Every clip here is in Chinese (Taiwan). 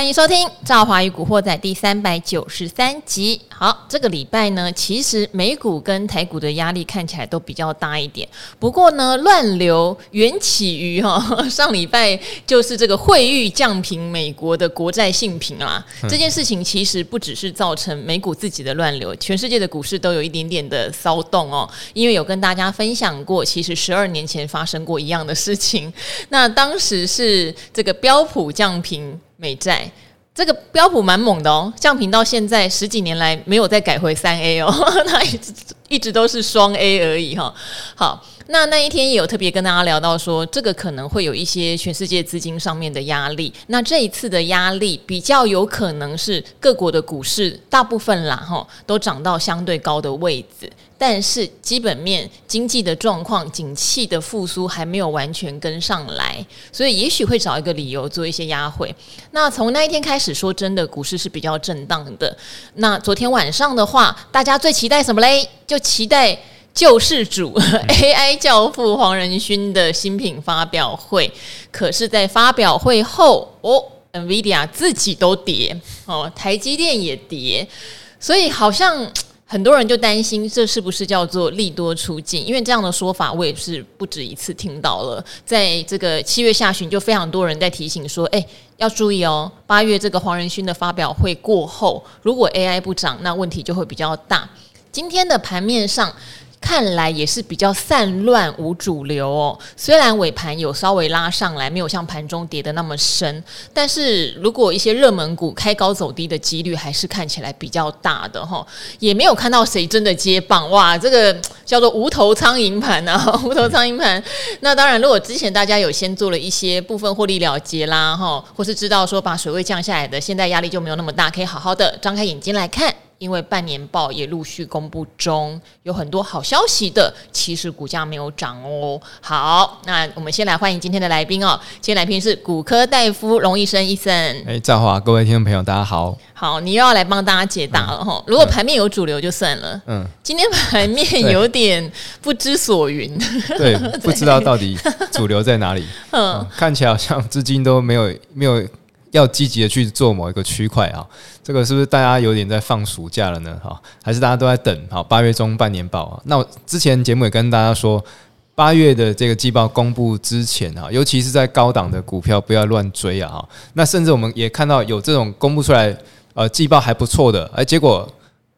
歡迎收聽《趙華與股惑仔》第三百九十三集。好，這個禮拜呢，其實美股跟台股的壓力看起來都比較大一點。不過呢，亂流緣起於哦，上禮拜就是這個匯譽降平惠譽降評美國的國債信平國債信評啊，嗯、這件事情其實不只是造成美股自己的亂流，全世界的股市都有一點點的騷動哦。因為有跟大家分享過，其實十二年前發生過一樣的事情，那當時是這個標普降平標普降評美債。這個標普蠻猛的哦，降評到現在十幾年來沒有再改回三 A 哦，它一直一直都是雙 A 而已哈、哦。好。那那一天也有特別跟大家聊到說，這個可能會有一些全世界資金上面的壓力。那這一次的壓力比較有可能是各國的股市大部分啦，哈，都漲到相對高的位置，但是基本面經濟的狀況、景氣的復甦還沒有完全跟上來，所以也許會找一個理由做一些壓回。那從那一天開始說真的，股市是比較震盪的。那昨天晚上的話，大家最期待什麼嘞？就期待。救世主 AI 教父黃仁勳的新品發表會，可是，在發表會後哦、oh，NVIDIA 自己都跌哦，台積電也跌，所以好像很多人就擔心，這是不是叫做利多出盡？因為這樣的說法，我也是不止一次聽到了。在這個七月下旬，就非常多人在提醒說：“誒、欸，要注意哦，八月這個黃仁勳的發表會過後，如果 AI 不漲，那問題就會比較大。”今天的盤面上。看來也是比較散亂無主流哦。雖然尾盤有稍微拉上來，沒有像盤中跌得那麼深，但是如果一些熱門股開高走低的幾率，還是看起來比較大的哈。也沒有看到誰真的接棒。哇，這個叫做無頭蒼蠅盤啊，無頭蒼蠅盤。 那當然，如果之前大家有先做了一些部分獲利了結啦哈，或是知道說把水位降下來的，現在壓力就沒有那麼大，可以好好的張開眼睛來看。因為半年報也陸續公布中，有很多好消息的，其實股價沒有漲哦。好，那我們先來歡迎今天的來賓哦。今天來賓是股科大夫容逸燊 Eason。哎、e，趙華，各位聽眾朋友，大家好。好，你又要來幫大家解答了哈、嗯。如果盤面有主流就算了，嗯，今天盤面有點不知所云。對，不知道到底主流在哪裡。嗯呵、呃，看起來好像資金都沒有沒有。要積極的去做某一個區塊啊，這個是不是大家有點在放暑假了呢？哈，還是大家都在等？哈，八月中半年報。那我之前節目也跟大家說，八月的這個季報公布之前啊，尤其是在高檔的股票，不要亂追啊！哈，那甚至我們也看到有這種公布出來，呃，季報還不錯的，誒，結果。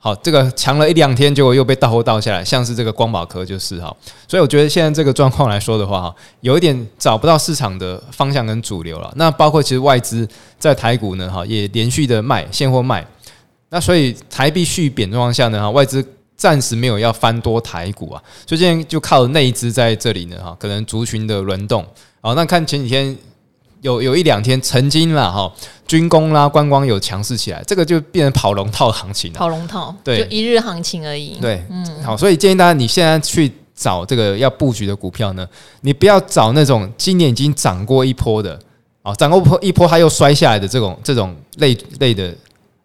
好，這個強了一兩天，結果又被倒貨倒下來，像是這個光寶科。就是哈，所以我覺得現在這個狀況來說的話哈，有一點找不到市場的方向跟主流了。那包括其實外資在台股呢哈，也連續的賣現貨賣，那所以台幣續貶狀況下呢哈，外資暫時沒有要翻多台股啊，所以現在就靠內資在這裡呢哈，可能族群的輪動。好，那看前幾天。有有一兩天曾經了哈、哦，軍工啦、觀光有強勢起來，這個就變成跑龍套行情了。跑龍套，對，就一日行情而已。對，嗯，好，所以建議大家，你現在去找這個要布局的股票呢，你不要找那種今年已經漲過一波的啊，漲、哦、過一波，一波它又摔下來的這種這種類類的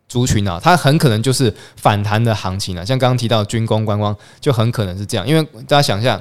族群啊、哦，它很可能就是反彈的行情了。像剛剛提到軍工、觀光，就很可能是這樣，因為大家想一下，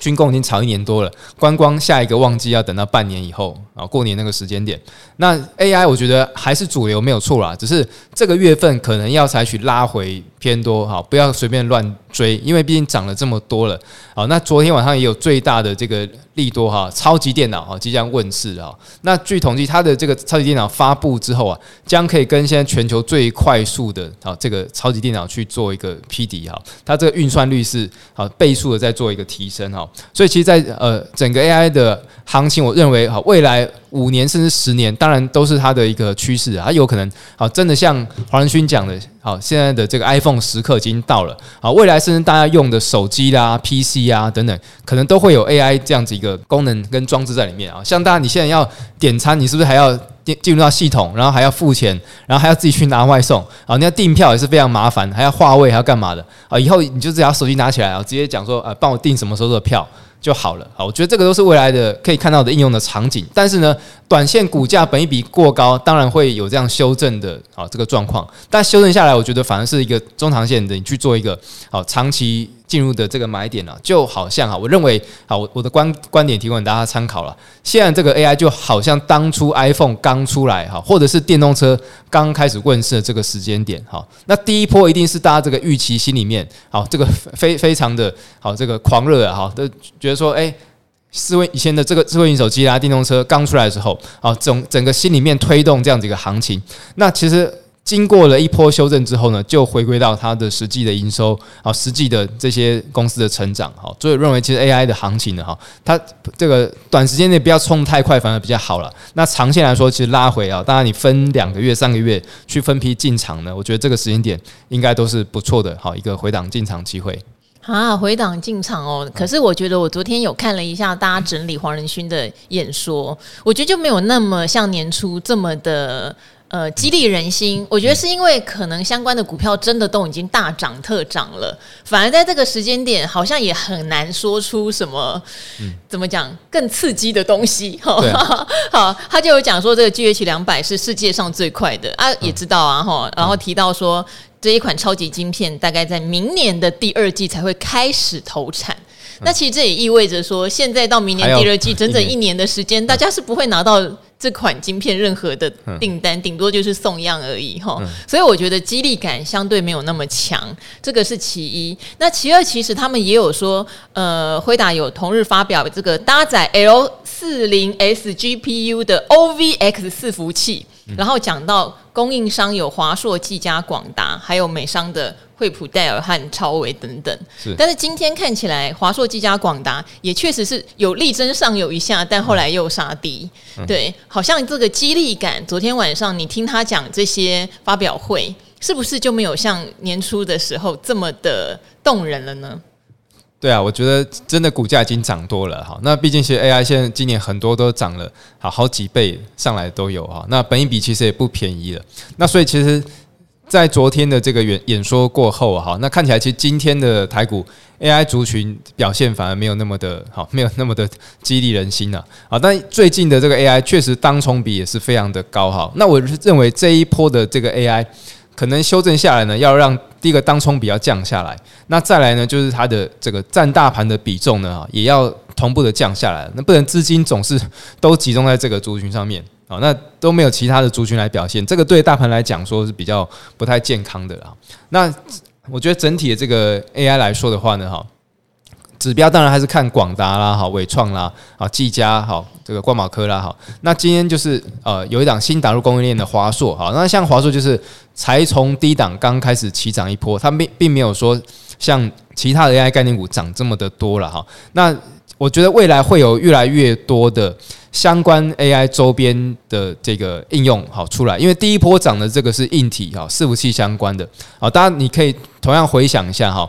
軍工已經炒一年多了，觀光下一個旺季要等到半年以後。啊，過年那個時間點，那 AI 我覺得還是主流沒有錯啦，只是這個月份可能要採取拉回偏多哈，不要隨便亂追，因為畢竟漲了這麼多了。好，那昨天晚上也有最大的這個利多哈，超級電腦哈即將問世啊。那據統計，它的這個超級電腦發布之後啊，將可以跟現在全球最快速的啊這個超級電腦去做一個匹敵哈，它這個運算率是好倍數的在做一個提升哈。所以其實，在呃整個 AI 的行情，我認為哈未來。五年甚至十年，當然都是它的一個趨勢啊！有可能，啊，真的像黃仁勳講的，好，現在的這個 iPhone 時刻已經到了啊！未來甚至大家用的手機啦、啊、PC 啊等等，可能都會有 AI 這樣子一個功能跟裝置在裡面啊！像大家你現在要點餐，你是不是還要進入到系統，然後還要付錢，然後還要自己去拿外送啊？你要訂票也是非常麻煩，還要劃位，還要幹嘛的啊？以後你就只要手機拿起來啊，直接講說，啊，幫我訂什麼時候的票。就好了，好，我覺得這個都是未來的可以看到的應用的場景。但是呢，短線股價本益比過高，當然會有這樣修正的啊，這個狀況。但修正下來，我覺得反而是一個中長線的，你去做一個好長期。進入的這個買點呢，就好像哈，我認為好，我我的觀觀點提供給大家參考了。現在這個 AI 就好像當初 iPhone 剛出來哈，或者是電動車剛開始問世的這個時間點哈，那第一波一定是大家這個預期心裡面好，這個非非常的好，這個狂熱啊，哈，都覺得說，哎，思維以前的這個智慧型手機啊，電動車剛出來的時候，好整整個心裡面推動這樣子一個行情，那其實。經過了一波修正之後呢，就回歸到它的實際的營收啊，實際的這些公司的成長哈，所以認為其實 AI 的行情呢哈，它這個短時間內不要衝太快，反而比較好了。那長線來說，其實拉回啊，當然你分兩個月、三個月去分批進場呢，我覺得這個時間點應該都是不錯的，好一個回檔進場機會。好、啊，回檔進場哦，可是我覺得我昨天有看了一下大家整理黃仁勳的演說，我覺得就沒有那麼像年初這麼的。呃，激勵人心，我覺得是因為可能相關的股票真的都已經大漲特漲了，反而在這個時間點，好像也很難說出什麼，嗯、怎麼講更刺激的東西。啊、好，他就有講說這個 GH200 是世界上最快的啊，嗯、也知道啊哈，然後提到說，這一款超級晶片，大概在明年的第二季才會開始投產，嗯、那其實這也意味着說，現在到明年第二季、嗯、整整一年的時間，嗯、大家是不會拿到。這款晶片任何的訂單哼頂多就是送樣而已齁、哼所以我覺得激勵感相對沒有那麼強，這個是其一。那其二，其實他們也有說，呃，輝達有同日發表這個搭載 L 四零 S GPU 的 OVX 伺服器。嗯、然後講到供應商有華碩、技嘉、廣達、還有美商的惠普、戴爾和超微等等。是，但是今天看起來，華碩、技嘉、廣達也確實是有力爭上游一下，但後來又殺低。嗯嗯對，好像這個激勵感，昨天晚上你聽他講這些發表會，是不是就沒有像年初的時候這麼的動人了呢？對啊，我覺得真的股價已經漲多了哈。那畢竟其實 AI，現在今年很多都漲了好好幾倍上來都有哈。那本益比其實也不便宜了。那所以其實，在昨天的這個演演說過後哈，那看起來其實今天的台股 AI 族群表現反而沒有那麼的好，沒有那麼的激勵人心了啊。啊，但最近的這個 AI 確實當沖比也是非常的高哈。那我認為這一波的這個 AI 可能修正下來呢，要讓。第一個，當沖比較降下來，那再來呢，就是它的這個占大盤的比重呢，也要同步的降下來，那不能資金總是都集中在這個族群上面啊，那都沒有其他的族群來表現，這個對大盤來講說是比較不太健康的啦，那我覺得整體的這個 AI 來說的話呢，哈，指標當然還是看廣達啦，哈，緯創啦，啊，技嘉，哈，這個光寶科啦，哈，那今天就是呃，有一檔新打入供應鏈的華碩，哈，那像華碩就是。才從低檔剛開始起漲一波，它並並沒有說像其他的 AI 概念股漲這麼的多了哈。那我覺得未來會有越來越多的相關 AI 周邊的這個應用好出來，因為第一波漲的這個是硬體哈，伺服器相關的。好，大家你可以同樣回想一下哈。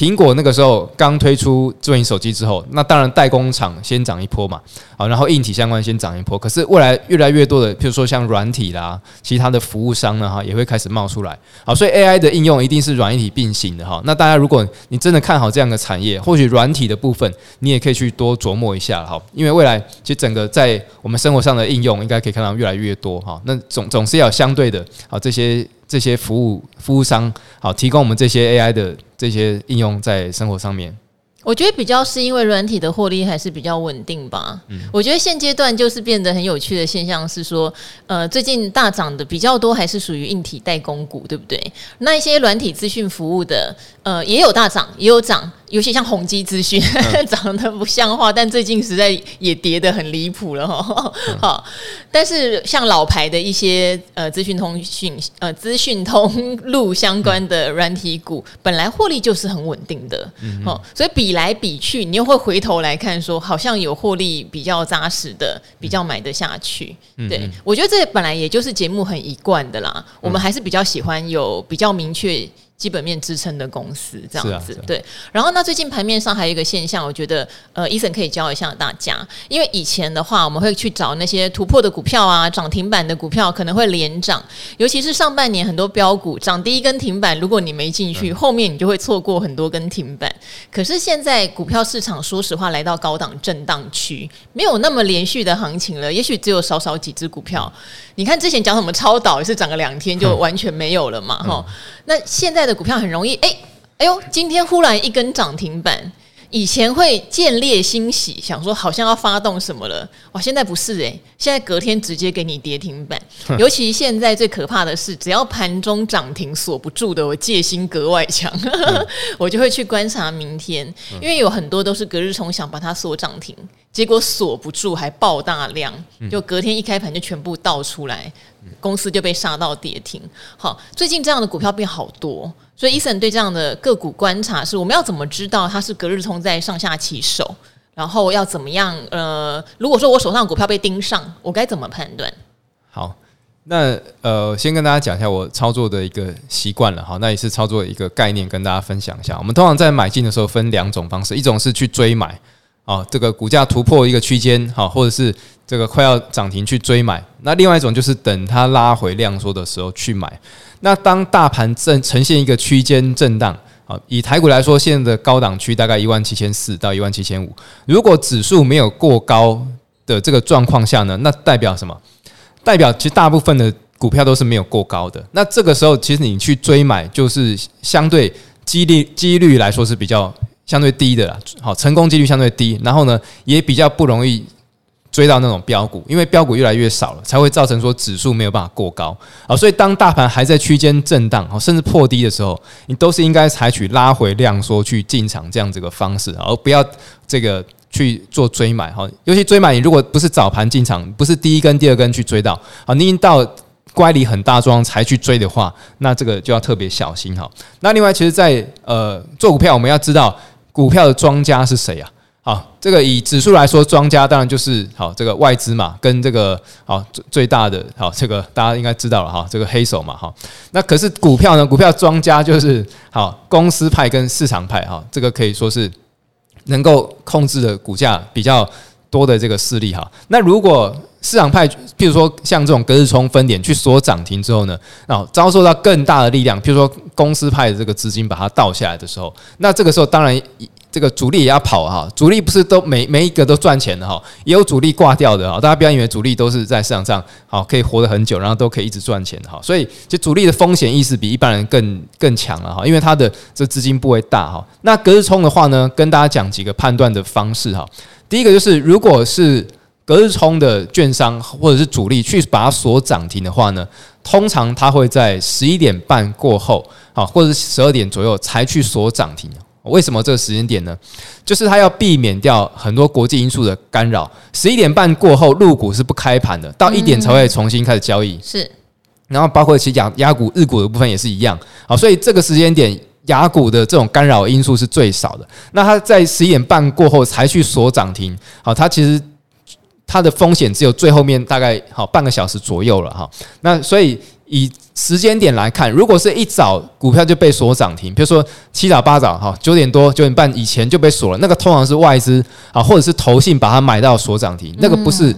蘋果那個時候剛推出智能手機之後，那當然代工廠先漲一波嘛，好，然後硬體相關先漲一波。可是未來越來越多的，譬如說像軟體啦，其他的服務商呢，哈，也會開始冒出來。好，所以 AI 的應用一定是軟硬體並行的哈。那大家如果你真的看好這樣的產業，或許軟體的部分你也可以去多琢磨一下哈，因為未來其實整個在我們生活上的應用應該可以看到越來越多哈。那總總是要相對的，好這些。這些服務服務商，好，提供我們這些 AI 的這些應用在生活上面。我覺得比較是因為軟體的獲利還是比較穩定吧。嗯，我覺得現階段就是變得很有趣的現象是說，呃，最近大漲的比較多還是屬於硬體代工股，對不對？那一些軟體資訊服務的，呃，也有大漲，也有漲，尤其像宏基資訊漲得不像話，但最近實在也跌得很離譜了哈、嗯。好，但是像老牌的一些呃資訊通訊呃資訊通路相關的軟體股，嗯、本來獲利就是很穩定的，嗯哼，好，所以比。比來比去，你又會回頭來看說，說好像有獲利比較扎實的，比較買得下去。嗯、對、嗯、我覺得這本來也就是節目很一貫的啦，嗯、我們還是比較喜歡有比較明確。基本面支撐的公司這樣子，啊啊、對。然後，那最近盤面上還有一個現象，我覺得，呃，逸燊可以教一下大家。因為以前的話，我們會去找那些突破的股票啊，漲停板的股票，可能會連漲。尤其是上半年很多標股漲第一根停板，如果你沒進去，嗯、後面你就會錯過很多根停板。可是現在股票市場，說實話，來到高檔震盪區，沒有那麼連續的行情了，也許只有少少幾隻股票。嗯你看之前講什麼超導也是漲個兩天就完全沒有了嘛，哈、嗯嗯。那現在的股票很容易，哎、欸，哎呦，今天忽然一根漲停板。以前會見獵心喜，想說好像要發動什麼了，哇！現在不是誒、欸、現在隔天直接給你跌停板。哼尤其現在最可怕的是，只要盤中漲停鎖不住的，我戒心格外強，嗯、 我就會去觀察明天，因為有很多都是隔日沖想把它鎖漲停，結果鎖不住還爆大量，就隔天一開盤就全部倒出來，嗯、公司就被殺到跌停。好，最近這樣的股票變好多。所以，逸燊對這樣的個股觀察是：我們要怎麼知道它是隔日衝在上下其手？然後要怎麼樣？呃，如果說我手上的股票被盯上，我該怎麼判斷？好，那呃，先跟大家講一下我操作的一個習慣了哈。那也是操作一個概念，跟大家分享一下。我們通常在買進的時候分兩種方式：一種是去追買啊，這個股價突破一個區間哈，或者是這個快要漲停去追買；那另外一種就是等它拉回量縮的時候去買。那當大盤正呈現一個區間震盪，好，以台股來說，現在的高檔區大概一萬七千四到一萬七千五。如果指數沒有過高的這個狀況下呢，那代表什麼？代表其實大部分的股票都是沒有過高的。那這個時候，其實你去追買，就是相對幾率幾率來說是比較相對低的啦。好，成功幾率相對低，然後呢，也比較不容易，追到那種標股，因為標股越來越少了，才會造成說指數沒有辦法過高啊。所以當大盤還在區間震盪，甚至破低的時候，你都是應該採取拉回量縮去進場這樣子的方式，而不要這個去做追買哈。尤其追買你如果不是早盤進場，不是第一根、第二根去追到啊，你已經到乖離很大莊才去追的話，那這個就要特別小心哈。那另外，其實，在呃做股票，我們要知道股票的莊家是誰啊？好，這個以指數來說，莊家當然就是好這個外資嘛，跟這個好最最大的好這個大家應該知道了哈，這個黑手嘛哈。那可是股票呢？股票莊家就是好公司派跟市場派哈，這個可以說是能夠控制的股價比較多的這個勢力哈。那如果市場派，譬如說像這種隔日沖分點去鎖漲停之後呢，那遭受到更大的力量，譬如說公司派的這個資金把它倒下來的時候，那這個時候當然。這個主力也要跑哈、啊，主力不是都每每一個都賺錢的哈，也有主力掛掉的啊！大家不要以為主力都是在市場上好、啊、可以活得很久，然後都可以一直賺錢的哈、啊。所以，就主力的風險意識比一般人更更強了哈，因為它的這資金不會大哈、啊。那隔日衝的話呢，跟大家講幾個判斷的方式哈、啊。第一個就是，如果是隔日衝的券商，或者是主力去把它鎖漲停的話呢，通常它會在十一點半過後、啊，好或者是十二點左右才去鎖漲停、啊。為什麼這個時間點呢？就是它要避免掉很多國際因素的干擾。十一點半過後，入股是不開盤的，到一點才會重新開始交易。嗯。是，然後包括其實亞股、日股的部分也是一樣。好，所以這個時間點亞股的這種干擾因素是最少的。那它在十一點半過後才去鎖漲停。好，它其實它的風險只有最後面大概好半個小時左右了哈。那所以。以時間點來看，如果是一早股票就被鎖漲停，比如說七早八早哈，九點多九點半以前就被鎖了，那個通常是外資啊，或者是投信把它買到鎖漲停，嗯、那個不是。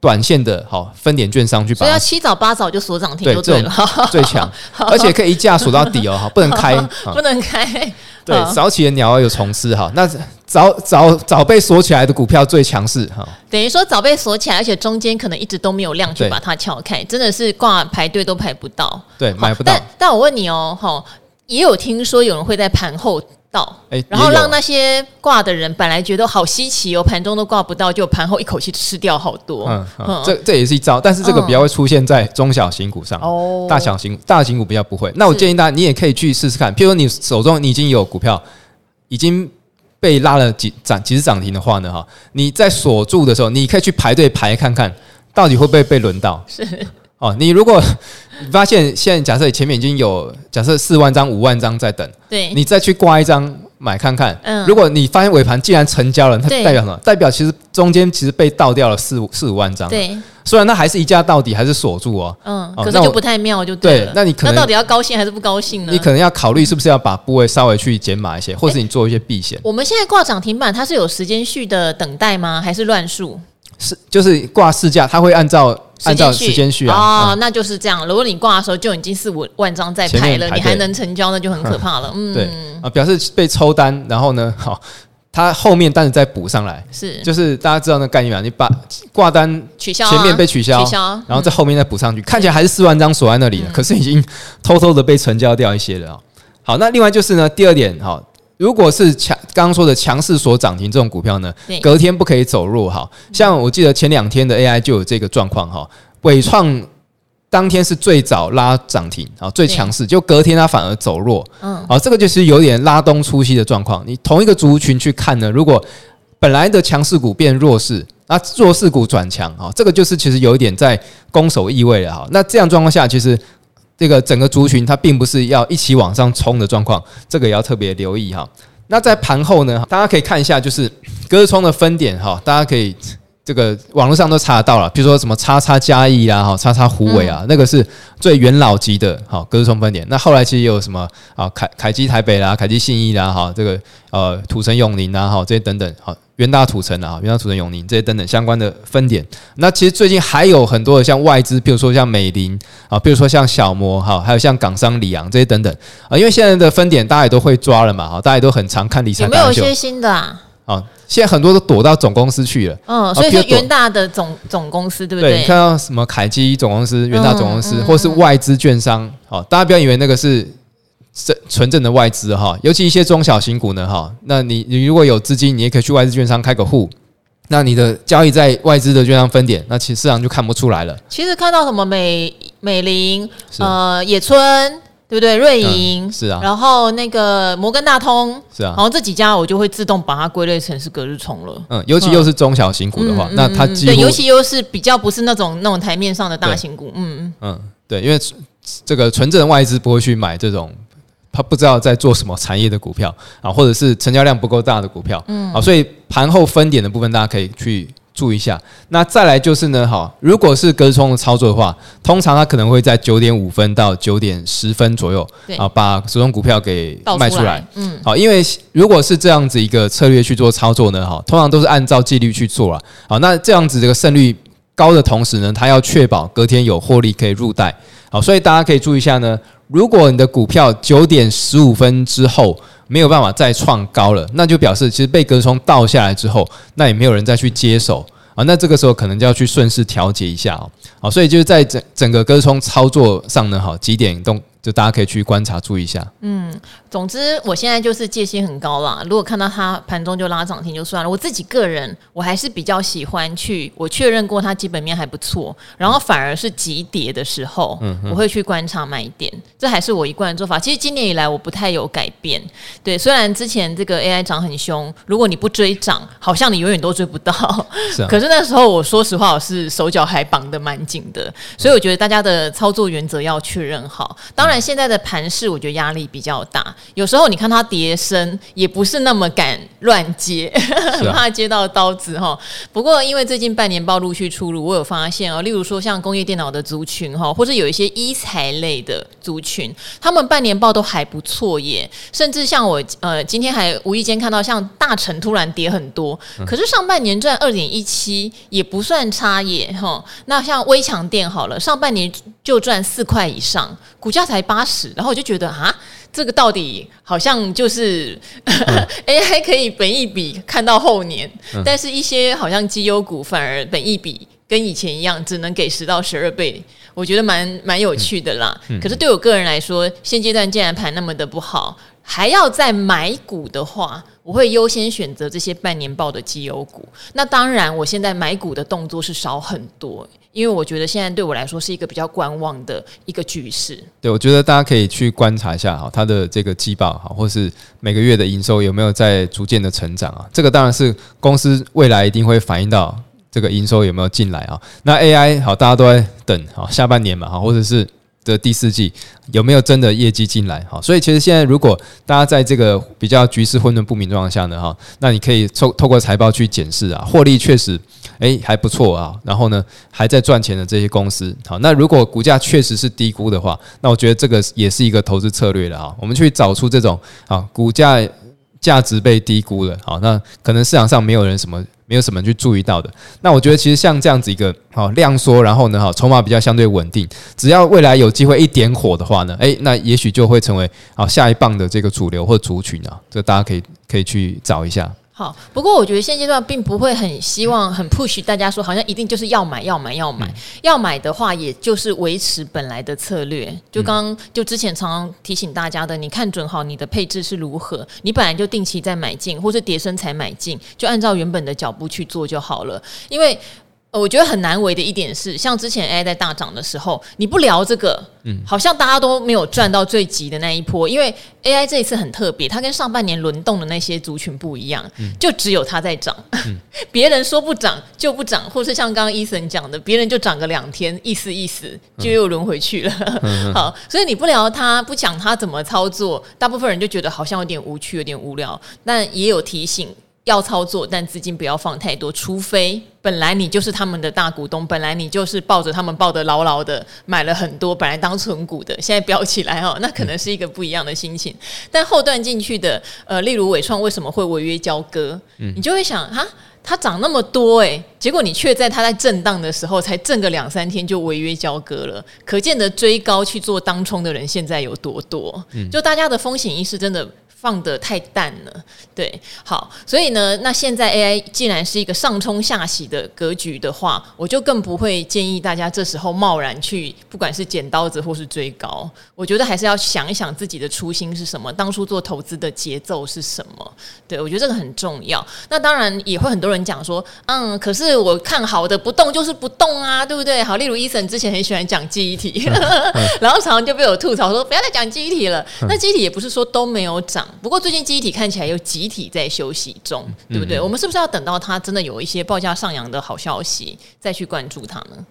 短線的好分點券商去把它。所以要七早八早就鎖漲停就對了，對這種最強，而且可以一架鎖到底哦，不能開，不能開，對，早起的鳥兒有蟲吃哈，那早早早被鎖起來的股票最強勢哈，等於說早被鎖起來，而且中間可能一直都沒有量去把它撬開，對，真的是掛排隊都排不到，對，買不到。但但我問你哦，哈，也有聽說有人會在盤後。到哎，然後讓那些掛的人本來覺得好稀奇哦，盤中都掛不到，就盤後一口氣吃掉好多。嗯，嗯嗯這這也是一招，但是這個比較會出現在中小型股上哦、嗯，大小型大型股比較不會。那我建議大家，是你也可以去試試看，譬如說你手中你已經有股票已經被拉了幾漲幾次漲停的話呢，哈，你在鎖住的時候，你可以去排隊排看看，到底會不會被輪到。是。哦，你如果發現現在假設前面已經有假設四萬張、五萬張在等，對你再去掛一張買看看。嗯，如果你發現尾盤竟然成交了，對它代表什麼？代表其實中間其實被倒掉了四四五萬張。對，雖然那還是一價到底，還是鎖住、啊嗯、哦。嗯，可是就不太妙就，就對。那你可能那到底要高興還是不高興呢？你可能要考慮是不是要把部位稍微去減碼一些，或是你做一些避險、欸。我們現在掛漲停板，它是有時間序的等待嗎？還是亂數？是，就是掛市價，它會按照按照時間序啊，那就是這樣。如果你掛的時候就已經四五萬張在排了，你還能成交，那就很可怕了。嗯，對啊，表示被抽單，然後呢，好，它後面單子再補上來，是就是大家知道那概念啊，你把掛單取消，前面被取消，然後在後面再補上去，看起來還是四萬張鎖在那裡，可是已經偷偷的被成交掉一些了。好，那另外就是呢，第二點哈。如果是強剛剛說的強勢所漲停這種股票呢，對 隔天不可以走弱。哈，像我記得前兩天的 AI 就有這個狀況。哈，緯創當天是最早拉漲停，最強勢，就隔天它反而走弱。嗯，啊，這個就是有點拉東出西的狀況。你同一個族群去看呢，如果本來的強勢股變弱勢，那弱勢股轉強，啊，這個就是其實有一點在攻守意味了。哈。那這樣狀況下，其實。這個整個族群它並不是要一起往上衝的狀況，這個也要特別留意哈。那在盤後呢，大家可以看一下，就是隔日沖的分點哈，大家可以這個網絡上都查得到了，比如說什麼叉叉嘉義啦，哈，叉叉虎尾啊，那個是最元老級的，哈，隔日沖分點。那後來其實也有什麼啊，凱凱基台北啦，凱基信義啦，哈，這個呃土城永寧啊，哈，這些等等，哈。元大土城的啊，元大土城永寧這些等等相關的分點，那其實最近還有很多的像外資，比如說像美林啊，比如說像小摩哈，還有像港商里昂這些等等啊，因為現在的分點大家也都會抓了嘛哈，大家也都很常看理財，有沒有一些新的啊？啊，現在很多都躲到總公司去了。嗯，所以元大的總總公司對不對？對，你看到什麼凱基總公司、元大總公司，嗯嗯、或是外資券商，啊、嗯，大家不要以為那個是。是純正的外資哈，尤其一些中小型股呢哈。那你你如果有資金，你也可以去外資券商開個戶，那你的交易在外資的券商分點，那其實市場就看不出來了。其實看到什麼美美林、啊、呃野村對不對？瑞銀、嗯、是啊，然後那個摩根大通是啊，然後這幾家我就會自動把它歸類成是隔日沖了。嗯，尤其又是中小型股的話，嗯嗯嗯、那它對尤其又是比較不是那種那種台面上的大型股。對嗯嗯嗯，對，因為這個純正的外資不會去買這種。他不知道在做什麼產業的股票啊，或者是成交量不夠大的股票，嗯好，所以盤後分點的部分大家可以去注意一下。那再來就是呢，哈，如果是隔日沖的操作的話，通常它可能會在九點五分到九點十分左右，啊對，把手中股票給賣出來，出來，嗯，好，因為如果是這樣子一個策略去做操作呢，哈，通常都是按照紀律去做了，好，那這樣子這個勝率高的同時呢，它要確保隔天有獲利可以入袋，好，所以大家可以注意一下呢。如果你的股票九點十五分之後沒有辦法再創高了，那就表示其實被隔沖倒下來之後，那也沒有人再去接手啊。那這個時候可能就要去順勢調節一下哦。好，所以就是在整整個隔沖操作上呢，好幾點都？就大家可以去觀察注意一下。嗯，總之我現在就是戒心很高啦。如果看到它盤中就拉漲停就算了。我自己個人，我還是比較喜歡去我確認過它基本面還不錯，然後反而是急跌的時候，嗯、哼我會去觀察買點。嗯、哼這還是我一貫的做法。其實今年以來我不太有改變。對，雖然之前這個 AI 漲很兇，如果你不追漲，好像你永遠都追不到。是啊，可是那時候我說實話，我是手腳還綁的蠻緊的。嗯、所以我覺得大家的操作原則要確認好。當然當然，現在的盤勢我覺得壓力比較大。有時候你看它跌深，也不是那麼敢亂接，很、啊、怕接到刀子哈。不過，因為最近半年報陸續出爐，我有發現哦。例如說，像工業電腦的族群哈，或者有一些醫材類的族群，他們半年報都還不錯耶。甚至像我呃，今天還無意間看到，像大成突然跌很多，嗯、可是上半年賺二點一七，也不算差耶哈。那像威強電好了，上半年。就賺四塊以上，股價才八十，然後我就覺得啊，這個到底好像就是 AI、嗯 欸、可以本益比看到後年，嗯、但是一些好像績優股反而本益比跟以前一樣只能給十到十二倍，我覺得蠻蠻有趣的啦。嗯、可是對我個人來說，現階段既然盤那麼的不好，還要再買股的話，我會優先選擇這些半年報的績優股。那當然，我現在買股的動作是少很多。因為我覺得現在對我來說是一個比較觀望的一個局勢。對，我覺得大家可以去觀察一下哈，它的這個季報哈，或是每個月的營收有沒有在逐漸的成長啊？這個當然是公司未來一定會反映到這個營收有沒有進來啊。那 AI 好，大家都在等下半年嘛哈，或者是。的第四季有沒有真的業績進來？好，所以其實現在如果大家在這個比較局勢混沌不明狀況下呢，哈，那你可以透透過財報去檢視啊，獲利確實誒、欸、還不錯啊，然後呢還在賺錢的這些公司，好，那如果股價確實是低估的話，那我覺得這個也是一個投資策略了啊，我們去找出這種啊股價價值被低估了。好，那可能市場上沒有人什麼。沒有什麼去注意到的。那我覺得其實像這樣子一個好量縮，然後呢好籌碼比較相對穩定，只要未來有機會一點火的話呢，誒，那也許就會成為好下一棒的這個主流或族群啊。這大家可以可以去找一下。好，不過我覺得現階段並不會很希望很 push 大家說，好像一定就是要買要買要買、嗯、要買的話，也就是維持本來的策略，就剛剛，就之前常常提醒大家的，你看準好你的配置是如何，你本來就定期再買進或是跌深才買進，就按照原本的腳步去做就好了，因為。呃，我覺得很難為的一點是，像之前 AI 在大漲的時候，你不聊這個，嗯，好像大家都沒有賺到最急的那一波。嗯、因為 AI 這一次很特別，它跟上半年輪動的那些族群不一樣，嗯、就只有它在漲。別、嗯、人說不漲就不漲，或是像剛剛 Eason 講的，別人就漲個兩天，意思意思，嗯、就又輪回去了。嗯嗯、好，所以你不聊它，不講它怎麼操作，大部分人就覺得好像有點無趣，有點無聊。但也有提醒。要操作，但資金不要放太多，除非本來你就是他們的大股東，本來你就是抱着他們抱得牢牢的買了很多，本來當存股的，現在飆起來哦，那可能是一個不一樣的心情。嗯、但後段進去的，呃，例如緯創為什麼會違約交割？嗯、你就會想，哈，他漲那麼多哎、欸，結果你卻在他在震盪的時候才震個兩三天就違約交割了，可見得追高去做當沖的人現在有多多，嗯、就大家的風險意識真的。放得太淡了，對，好，所以呢，那現在 A I 既然是一個上沖下洗的格局的話，我就更不會建議大家這時候貿然去，不管是剪刀子或是追高，我覺得還是要想一想自己的初心是什麼，當初做投資的節奏是什麼。對，我覺得這個很重要。那當然也會很多人講說，嗯，可是我看好的不動就是不動啊，對不對？好，例如 Ethan 之前很喜歡講記憶體，嗯嗯、 然後常常就被我吐槽說不要再講記憶體了。嗯、那記憶體也不是說都沒有漲。不過最近記憶體看起來又集體在休息中，對不對？嗯嗯、我們是不是要等到它真的有一些報價上揚的好消息，再去關注它呢？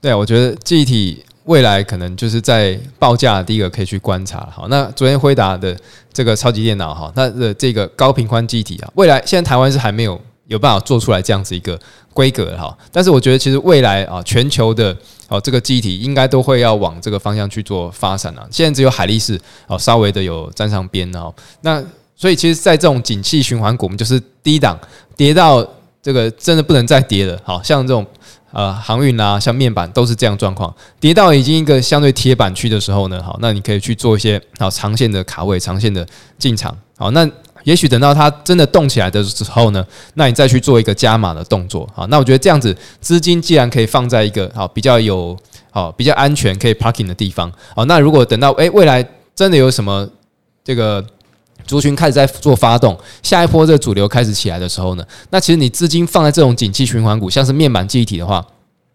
對、啊，我覺得記憶體未來可能就是在報價第一個可以去觀察。好，那昨天輝達的這個超級電腦哈，它的這個高頻寬記憶體啊，未來現在台灣是還沒有。有辦法做出來這樣子一個規格哈，但是我覺得其實未來啊，全球的啊，這個記憶體應該都會要往這個方向去做發展了、啊。現在只有海力士啊，稍微的有沾上邊了哦，那所以其實，在這種景氣循環股，我們就是低檔跌到這個真的不能再跌了，好像這種呃、啊、航運啊，像面板都是這樣狀況，跌到已經一個相對鐵板區的時候呢，好，那你可以去做一些好長線的卡位、長線的進場，好那。也許等到它真的動起來的時候呢，那你再去做一個加碼的動作。好，那我覺得這樣子，資金既然可以放在一個好比較有好比較安全可以 parking 的地方，好，那如果等到誒、欸、未來真的有什麼這個族群開始在做發動，下一波這個主流開始起來的時候呢，那其實你資金放在這種景氣循環股，像是面板記憶體的話，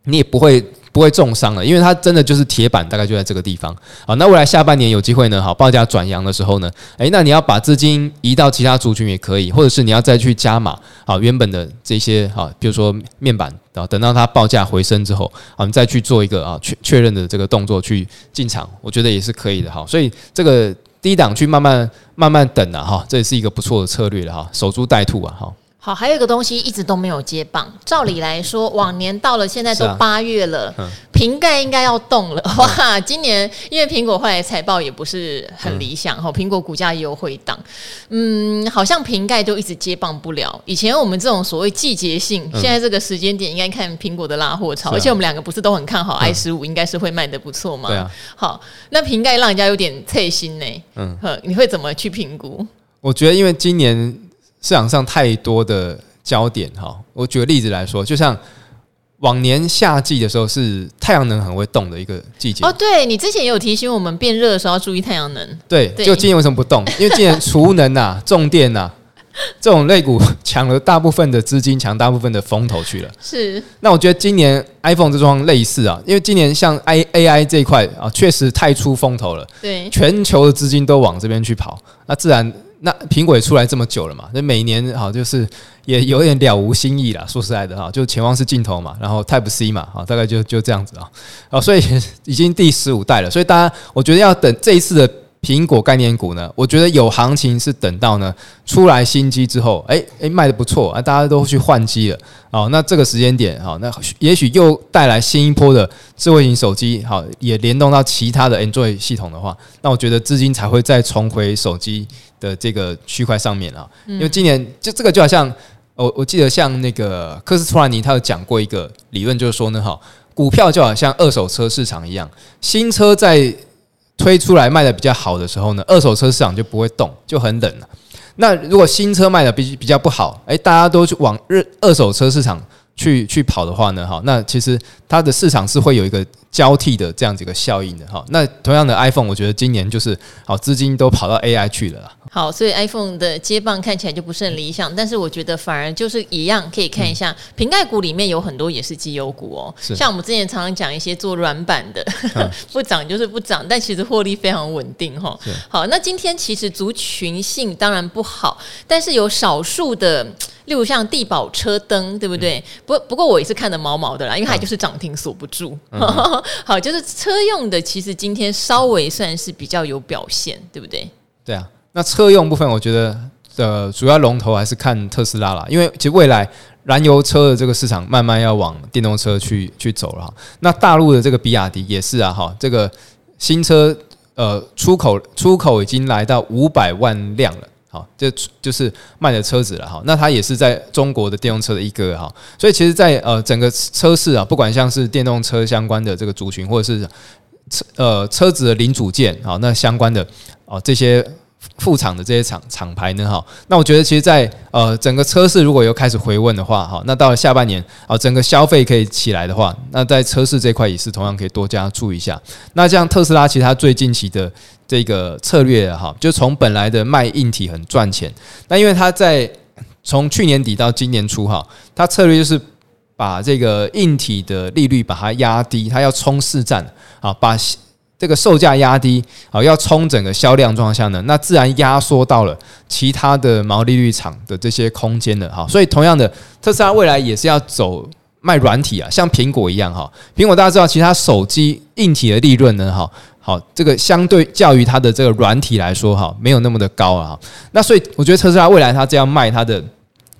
你也不會。不會重傷了，因為它真的就是鐵板，大概就在這個地方。好，那未來下半年有機會呢，好報價轉揚的時候呢，誒，那你要把資金移到其他族群也可以，或者是你要再去加碼。好，原本的這些啊，比如說面板啊，等到它報價回升之後，好，你再去做一個啊確確認的這個動作去進場，我覺得也是可以的哈。所以這個低檔去慢慢慢慢等了。哈，這也是一個不錯的策略了哈，守株待兔啊，好。好，還有一個東西一直都沒有接棒。照理來說，往年到了現在都八月了，蘋概應該要動了。哇，今年因為蘋果後來財報也不是很理想哈，蘋果股價也有回檔。嗯，好像蘋概都一直接棒不了。以前我們這種所謂季節性，現在這個時間點應該看蘋果的拉貨潮。而且我們兩個不是都很看好 i 十五，應該是會賣得不錯嘛。對啊。好，那蘋概讓人家有點脆心呢。嗯。你會怎麼去評估？我覺得，因為今年。市場上太多的焦點哈，我舉個例子來說，就像往年夏季的時候是太陽能很會動的一個季節哦。對，你之前也有提醒我們變熱的時候要注意太陽能。對，就今年為什麼不動？因為今年儲能吶、啊、 重電吶、啊、這種類股搶了大部分的資金，搶大部分的風頭去了。是。那我覺得今年 iPhone 這樁類似啊，因為今年像 AI 這一塊啊，確實太出風頭了。對，全球的資金都往這邊去跑，那自然。那蘋果也出來這麼久了嘛，那每年啊，就是也有點了無新意啦。說實在的啊，就前方是鏡頭嘛，然後 Type C 嘛，啊，大概就就這樣子啊，啊，所以已經第十五代了。所以大家我覺得要等這一次的。蘋果概念股呢？我覺得有行情是等到呢出來新機之後，哎、欸、哎、欸、賣得不錯啊，大家都去換機了哦。那這個時間點哈、哦，那也許又帶來新一波的智慧型手機，好、哦、也聯動到其他的 Android 系統的話，那我覺得資金才會再重回手機的這個區塊上面啊、哦。因為今年、嗯、就這個就好像我我記得像那個科斯托蘭尼，他有講過一個理論，就是說呢，哈、哦，股票就好像二手車市場一樣，新車在。推出來賣的比較好的時候呢，二手車市場就不會動，就很冷了。那如果新車賣的比比較不好，哎，大家都去往日二手車市場。去去跑的話呢，哈，那其實它的市場是會有一個交替的這樣子一個效應的，哈。那同樣的 iPhone，我覺得今年就是好資金都跑到 AI 去了。好，所以 iPhone 的接棒看起來就不是很理想，嗯、但是我覺得反而就是一樣，可以看一下、嗯、蘋概股裡面有很多也是績優股哦，是像我們之前常常講一些做軟板的，嗯、呵呵不漲就是不漲，但其實獲利非常穩定、哦，哈是。好，那今天其實族群性當然不好，但是有少數的。例如像帝寶車燈，對不對？嗯、不不過我也是看得毛毛的啦，因為它就是漲停鎖不住。嗯嗯、 好，就是車用的，其實今天稍微算是比較有表現，對不對？對啊，那車用部分，我覺得的、呃、主要龍頭還是看特斯拉啦。因為其實未來燃油車的這個市場慢慢要往電動車去去走了。哈，那大陸的這個比亞迪也是啊，哈，這個新車呃出口出口已經來到五百萬輛了。好，就就是賣的車子了哈，那它也是在中國的電動車的一哥哈，所以其實在，在呃整個車市啊，不管像是電動車相關的這個族群，或者是車呃車子的零組件好，那相關的哦這些副廠的這些廠廠牌呢哈，那我覺得其實在，在呃整個車市如果有開始回溫的話哈，那到了下半年啊、呃，整個消費可以起來的話，那在車市這塊也是同樣可以多加注意一下。那像特斯拉，其實它最近期的。這個策略哈，就從本來的賣硬體很賺錢，那因為他在從去年底到今年初哈，他策略就是把這個硬體的利率把它壓低，它要衝市占啊，把這個售價壓低啊，要衝整個銷量狀況下呢，那自然壓縮到了其他的毛利率廠的這些空間的哈，所以同樣的，特斯拉未來也是要走。賣軟體啊，像蘋果一樣哈，蘋果大家知道，其他手機硬體的利潤呢，哈，好，這個相對較於它的這個軟體來說，哈，沒有那麼的高啊，那所以我覺得特斯拉未來它這樣賣它的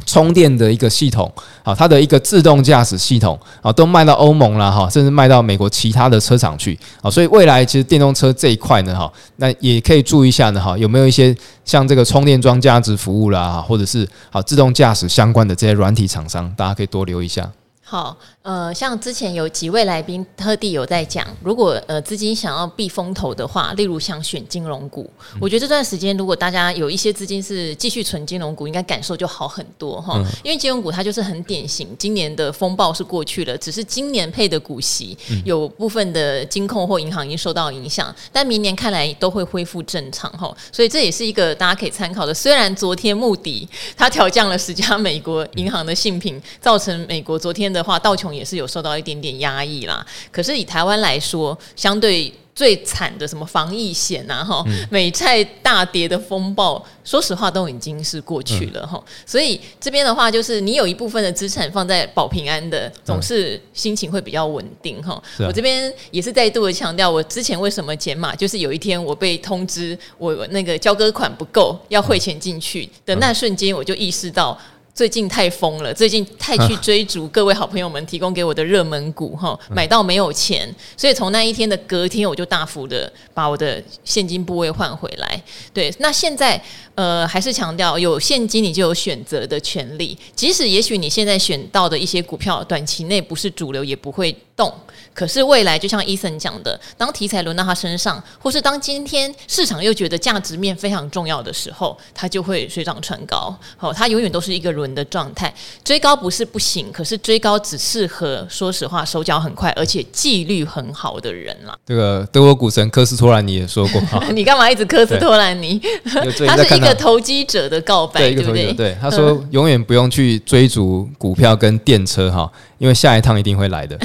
充電的一個系統，好，它的一個自動駕駛系統，啊，都賣到歐盟了哈，甚至賣到美國其他的車廠去，啊，所以未來其實電動車這一塊呢，哈，那也可以注意一下呢，哈，有沒有一些像這個充電樁價值服務啦，或者是好，自動駕駛相關的這些軟體廠商，大家可以多留意一下。好。呃，像之前有幾位來賓特地有在講，如果呃資金想要避風頭的話，例如想選金融股，嗯、我覺得這段時間如果大家有一些資金是繼續存金融股，應該感受就好很多哈。嗯、因為金融股它就是很典型，今年的風暴是過去了，只是今年配的股息有部分的金控或銀行已經受到影響，嗯、但明年看來都會恢復正常哈。所以這也是一個大家可以參考的。雖然昨天穆迪它調降了十家美國銀行的信評，嗯、造成美國昨天的話道瓊。也是有受到一點點壓抑啦，可是以台灣來說，相對最慘的什麼防疫險吶，哈，美菜大跌的風暴，說實話都已經是過去了哈。嗯、所以這邊的話，就是你有一部分的資產放在保平安的，總是心情會比較穩定哈。嗯、我這邊也是再度的強調，我之前為什麼減碼，就是有一天我被通知我那個交割款不夠，要匯錢進去的那瞬間，我就意識到。最近太瘋了，最近太去追逐各位好朋友們提供給我的熱門股哈，啊、買到沒有錢，所以從那一天的隔天我就大幅的把我的現金部位換回來。對，那現在呃還是強調，有現金你就有選擇的權利，即使也許你現在選到的一些股票短期內不是主流，也不會動，可是未來就像伊森講的，當題材輪到他身上，或是當今天市場又覺得價值面非常重要的時候，他就會水漲船高。好、哦，他永遠都是一個輪的狀態，追高不是不行，可是追高只適合說實話手腳很快而且紀律很好的人啦。這個德國股神科斯托蘭尼也說過，哈， 你幹嘛一直科斯托蘭尼？對 他是一個投機者的告白，對對對，一個投機者，對，他說永遠不用去追逐股票跟電車，哈、嗯。嗯因為下一趟一定會來的，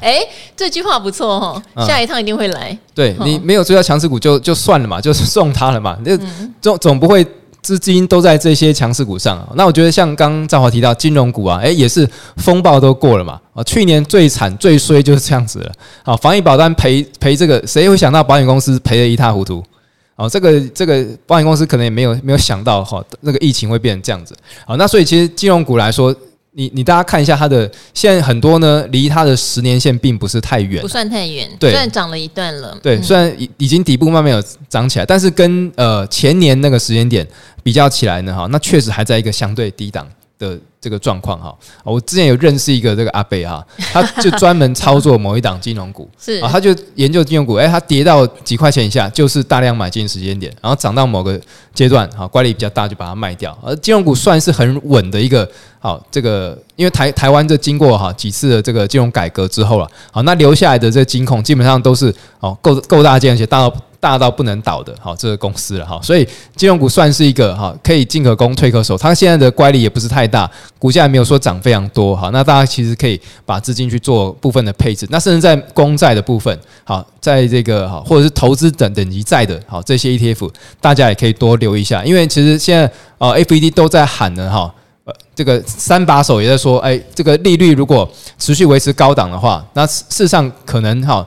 哎、 欸，哦、這句話不錯哈、哦，嗯、下一趟一定會來。對、嗯、你沒有追到強勢股就就算了嘛，就是送他了嘛，就總、嗯、總不會資金都在這些強勢股上。那我覺得像剛剛趙華提到金融股啊，誒，也是風暴都過了嘛，啊，去年最慘最衰就是這樣子了。啊，防疫保單賠賠這個，誰會想到保險公司賠得一塌糊塗？哦、啊，這個這個保險公司可能也沒有沒有想到哈，那、這個疫情會變成這樣子。啊，那所以其實金融股來說。你你大家看一下它的，現在很多呢，離它的十年線並不是太遠，不算太遠。對，雖然漲了一段了，對，嗯、雖然已已經底部慢慢有漲起來，但是跟呃前年那個時間點比較起來呢，哈，那確實還在一個相對低檔的。這個狀況哈，我之前有認識一個這個阿伯哈，他就專門操作某一檔金融股， 是啊，他就研究金融股，哎，它跌到幾塊錢以下就是大量買進時間點，然後漲到某個階段啊，乖離比較大就把它賣掉，而金融股算是很穩的一個好這個。因為臺台台灣這經過哈幾次的這個金融改革之後啊，好，那留下來的這個金控基本上都是哦夠夠大件，而且大到大到不能倒的，哈，這個公司了哈，所以金融股算是一個哈可以進可攻退可守，它現在的乖離也不是太大，股價也沒有說漲非常多哈，那大家其實可以把資金去做部分的配置，那甚至在公債的部分，好，在這個哈或者是投資等等級債的好，好這些 ETF，大家也可以多留意一下，因為其實現在啊 FED 都在喊了，哈。這個三把手也在說，哎，這個利率如果持續維持高檔的話，那事實上可能哈，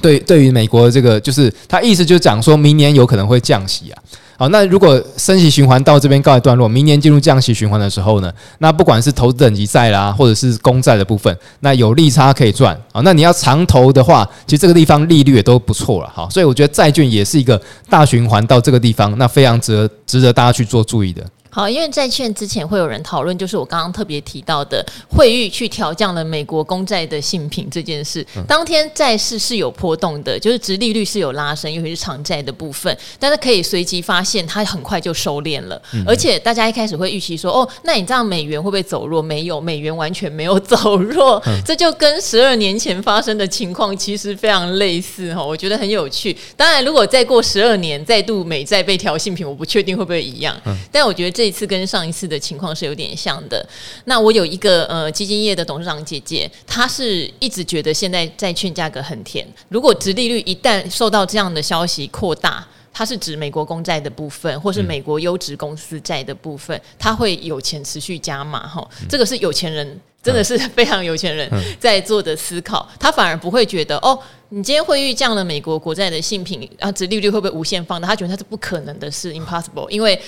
對對於美國的這個，就是他意思就是講說明年有可能會降息啊。好，那如果升息循環到這邊告一段落，明年進入降息循環的時候呢，那不管是投資等級債啦，或者是公債的部分，那有利差可以賺啊。好，那你要長投的話，其實這個地方利率也都不錯了哈。好，所以我覺得債券也是一個大循環到這個地方，那非常值得值得大家去做注意的。好，因為債券之前會有人討論，就是我剛剛特別提到的，惠譽去調降了美國公債的信評這件事。當天債市是有波動的，就是殖利率是有拉升，尤其是長債的部分。但是可以隨即發現，它很快就收斂了。嗯、而且大家一開始會預期說，哦，那你這樣美元會不會走弱？沒有，美元完全沒有走弱。嗯、這就跟十二年前發生的情況其實非常類似哈，我覺得很有趣。當然，如果再過十二年再度美債被調信評，我不確定會不會一樣。嗯、但我覺得這。這次跟上一次的情況是有點像的。那我有一個呃基金業的董事長姐姐，她是一直覺得現在債券價格很甜。如果殖利率一旦受到這樣的消息擴大，它是指美國公債的部分，或是美國優質公司債的部分，它、嗯、會有錢持續加碼哈、哦。這個是有錢人，真的是非常有錢人在做的思考。他反而不會覺得哦，你今天會遇降了美國國債的信評啊，殖利率會不會無限放大？他覺得他是不可能的，是 impossible，因為。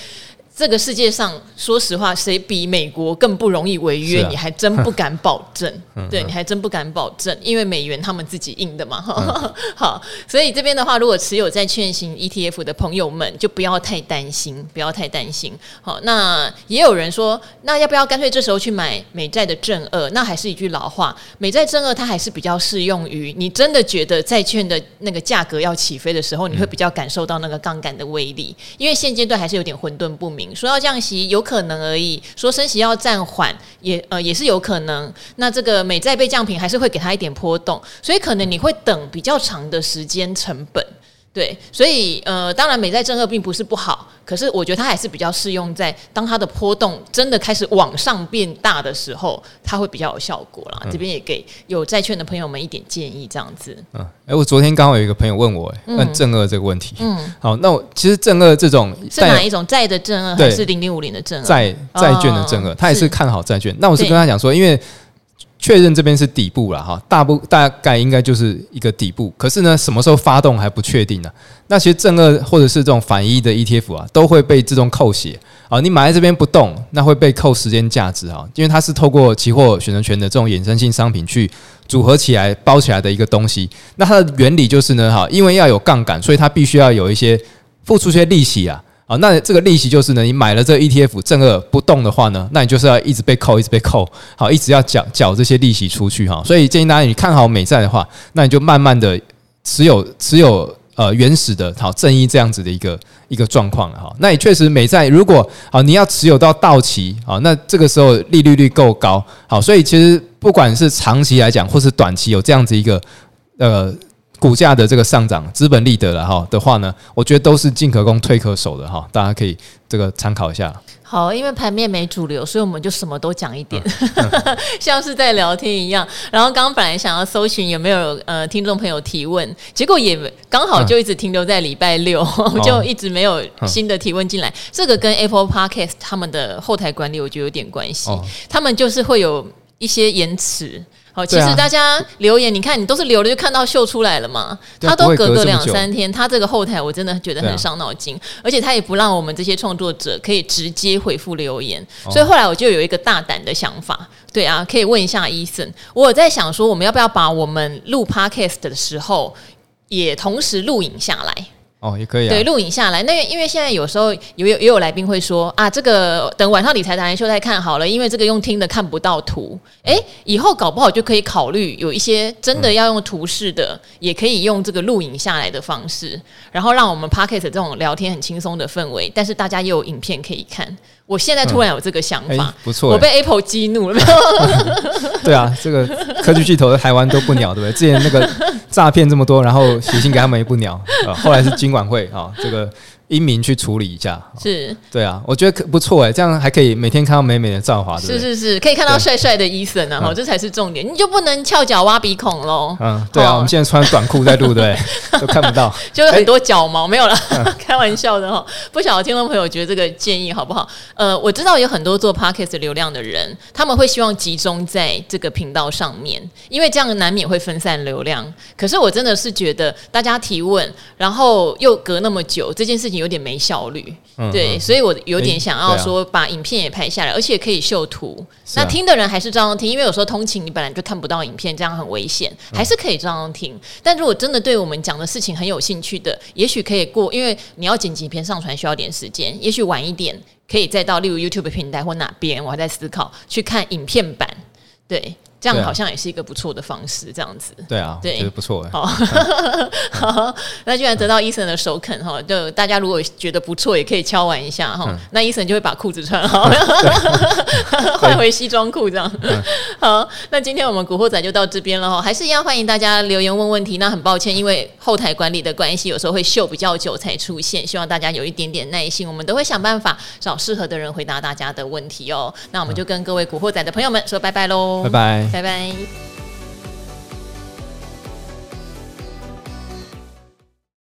這個世界上，說實話，誰比美國更不容易違約？啊、你還真不敢保證。呵呵對，呵呵你還真不敢保證，因為美元他們自己印的嘛。呵呵呵呵好，所以這邊的話，如果持有債券型 ETF 的朋友們，就不要太擔心，不要太擔心。好，那也有人說，那要不要乾脆這時候去買美債的正二？那還是一句老話，美債正二它還是比較適用於你真的覺得債券的那個價格要起飛的時候，你會比較感受到那個槓桿的威力，嗯、因為現階段還是有點混沌不明。說要降息有可能而已，說升息要暫緩也呃、也是有可能。那這個美債被降評，還是會給它一點波動，所以可能你會等比較長的時間成本。對，所以呃，當然美債正二並不是不好，可是我覺得它還是比較適用在當它的波動真的開始往上變大的時候，它會比較有效果啦。嗯、這邊也給有債券的朋友們一點建議，這樣子。嗯、呃，哎，我昨天剛好有一個朋友問我，嗯、問正二這個問題。嗯，好，那我其實正二這種是哪一種債的正二,二，還是零零五零的正二？債、哦、債券的正二，他也是看好債券。是那我是跟他講說，對因為。確認這邊是底部了哈，大部，大概應該就是一個底部，可是呢，什麼時候發動還不確定呢，啊？那其實正二或者是這種反一,一的 ETF 啊，都會被自動扣血啊。你買在這邊不動，那會被扣時間價值哈，因為它是透過期貨選擇權的這種衍生性商品去組合起來包起來的一個東西。那它的原理就是呢，哈，因為要有槓桿，所以它必須要有一些付出一些利息啊。啊，那這個利息就是呢，你買了這個 ETF 正二不動的話呢，那你就是要一直被扣，一直被扣，好，一直要繳繳這些利息出去哈。所以建議大家，你看好美債的話，那你就慢慢的持有持有呃原始的，好正一這樣子的一個一個狀況了哈。那也確實，美債如果啊你要持有到到期啊，那這個時候利率率夠高，好，所以其實不管是長期來講，或是短期有這樣子一個呃。股價的這個上漲，資本利得了哈的話呢，我覺得都是進可攻退可守的哈，大家可以這個參考一下。好，因為盤面沒主流，所以我們就什麼都講一點，嗯嗯、 像是在聊天一樣。然後剛剛本來想要搜尋有沒有呃聽眾朋友提問，結果也剛好就一直停留在禮拜六，嗯、 就一直沒有新的提問進來。嗯嗯、這個跟 Apple Podcast 他們的後台管理我覺得有點關係，嗯、他們就是會有一些延遲。好，其實大家留言，啊、你看你都是留了，就看到秀出來了嘛。啊、他都隔個兩三天，這他這個後台我真的覺得很傷腦筋，啊、而且他也不讓我們這些創作者可以直接回復留言。哦、所以後來我就有一個大膽的想法，對啊，可以問一下 Eason。我在想說，我們要不要把我們錄 Podcast 的時候也同時錄影下來？哦，也可以、啊、對錄影下來。那因為現在有時候也有也有來賓會說啊，這個等晚上理財達人秀再看好了，因為這個用聽的看不到圖。哎、嗯欸，以後搞不好就可以考慮有一些真的要用圖示的，嗯、也可以用這個錄影下來的方式，然後讓我們 Podcast 這種聊天很輕鬆的氛圍，但是大家也有影片可以看。我現在突然有這個想法，嗯欸、不錯、欸，我被 Apple 激怒了。 對啊，這個科技巨頭的台灣都不鳥，對不對？之前那個詐騙這麼多，然後寫信給他們也不鳥。呃， 後來是金管會啊、 哦，這個。英明去處理一下，是、哦、對啊，我覺得可不錯哎，這樣還可以每天看到美美的趙華，對對，是是是，可以看到帥帥的 Eason 啊，哈對、嗯，這才是重點，你就不能翹腳挖鼻孔嘍？嗯，對啊，哦、我們現在穿短褲在錄， 對，對，對，都看不到，就是很多腳毛、欸、沒有了，嗯、開玩笑的哈。不曉得聽眾朋友覺得這個建議好不好？呃，我知道有很多做 Podcast 流量的人，他們會希望集中在這個頻道上面，因為這樣難免會分散流量。可是我真的是覺得大家提問，然後又隔那麼久，這件事情，有點沒效率，對，嗯嗯，所以我有點想要說把影片也拍下來，欸啊，而且可以秀圖。啊、那聽的人還是照樣聽，因為有時候通勤，你本來就看不到影片，這樣很危險，還是可以照樣聽。嗯，但如果真的對我們講的事情很有興趣的，也許可以過，因為你要剪輯片上傳需要點時間，也許晚一點可以再到例如 YouTube 平台，或哪邊，我還在思考去看影片版。對。這樣好像也是一個不錯的方式，這樣子。對啊，對，不錯。好，那既然得到逸燊的首肯哈，就大家如果覺得不錯，也可以敲碗一下哈。那逸燊就會把褲子穿好，換回西裝褲這樣。好，那今天我們古惑仔就到這邊了哈，還是一樣歡迎大家留言問問題。那很抱歉，因為後台管理的關係，有時候會秀比較久才出現，希望大家有一點點耐心，我們都會想辦法找適合的人回答大家的問題哦。那我們就跟各位古惑仔的朋友們說拜拜嘍，拜拜。拜拜。